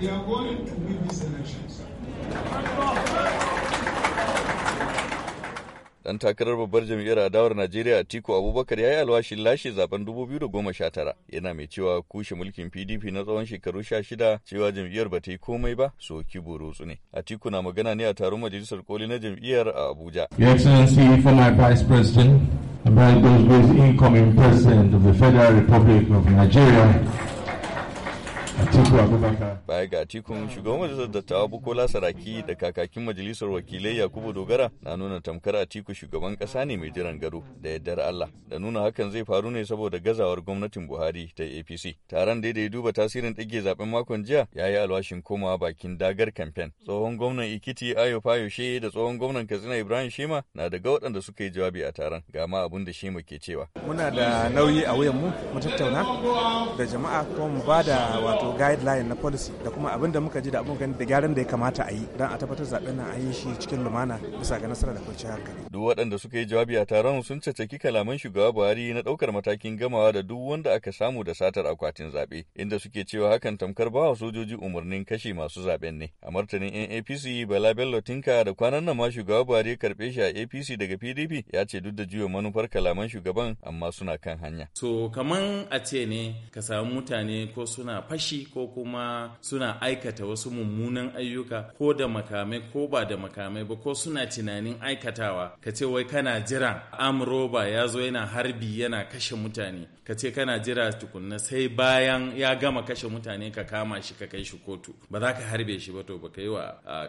We are going to win these elections. dan takarar babbar jam'iyyar adawar Najeriya Atiku Abubakar ya yi alwashin lashe zaben 2019 yana mai cewa kushe mulkin PDP na tsawon shekaru 16 cewa jam'iyyar ba ta yi komai ba so burutsu ne. Atiku na magana ne a taron majalisar koli na jam'iyyar a Abuja. Your Excellency, my Vice President, and by those incoming President of the Federal Republic of Nigeria, Baya ga tikun shugaban majalisar dattawa Bukola Saraki da kakakin majalisar wakilai Yakubu Dogara na nuna tamkar a tiku shugaban kasa ne mai jiran gado da yaddar Allah da nuna hakan zai faru ne saboda gazawar gwamnatin Buhari ta APC. Taron da ya duba tasirin ɗage zaben makon jiya ya yi alwashin komawa bakin dagar kamfen. Tsohon gwamnan Ikiti Ayo Fayoshe da tsohon gwamnan Katsina Ibrahim Shema na daga waɗanda suka yi jawabi a taron ga ma abin da Shema ke cewa. Muna da nauyi a wuyanmu mu tattauna da jama'a kuma mu ba da wato guideline na policy da kuma abin da muka ji da abin da gyaran da ya kamata a yi don a tabbatar zaɓen nan an yi shi cikin lumana bisa ga nasara da kwanciyar hankali. Duk waɗanda suka yi jawabi a taron sun cacaki kalaman shugaba Buhari na ɗaukar matakin gamawa da duk wanda aka samu da satar akwatin zaɓe inda suke cewa hakan tamkar bawa sojoji umarnin kashe masu zaɓen ne. A martanin apc Bala Bello Tinka da kwanan nan ma shugaba Buhari karɓe shi a APC daga PDP ya ce duk da juya manufar kalaman shugaban amma suna kan hanya. So kaman a ce ne ka samu mutane ko suna fashi shi ko kuma suna aikata wasu mummunan ayyuka ko da makamai ko ba da makamai ba ko suna tunanin aikatawa ka ce wai kana jira amroba ya zo yana harbi yana kashe mutane ka ce kana jira tukunna sai bayan ya gama kashe mutane ka kama shi ka kai shi kotu ba za ka harbe shi ba to ba ka yi wa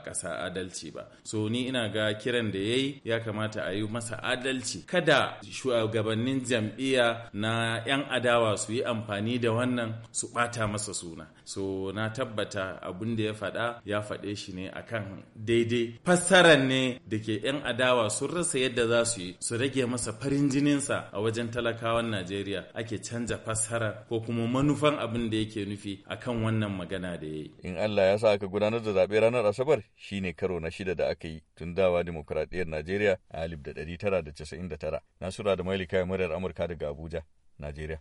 ƙasa adalci ba so ni ina ga kiran da ya yi ya kamata a yi masa adalci kada shugabannin jam'iyya na 'yan adawa su yi amfani da wannan su ɓata masa suna suna so na tabbata abin da ya faɗa ya faɗe shi ne akan daidai fassarar ne da ke 'yan adawa sun rasa yadda za su yi su rage masa farin jininsa a wajen talakawan najeriya ake canja fassarar ko kuma manufan abin da yake nufi akan wannan magana da ya yi in allah ya sa aka gudanar da zaɓe ranar asabar shine karo na shida da aka yi tun dawa dimokuraɗiyyar najeriya a alif da ɗari tara da casa'in da tara nasura da mailika muryar amurka daga abuja najeriya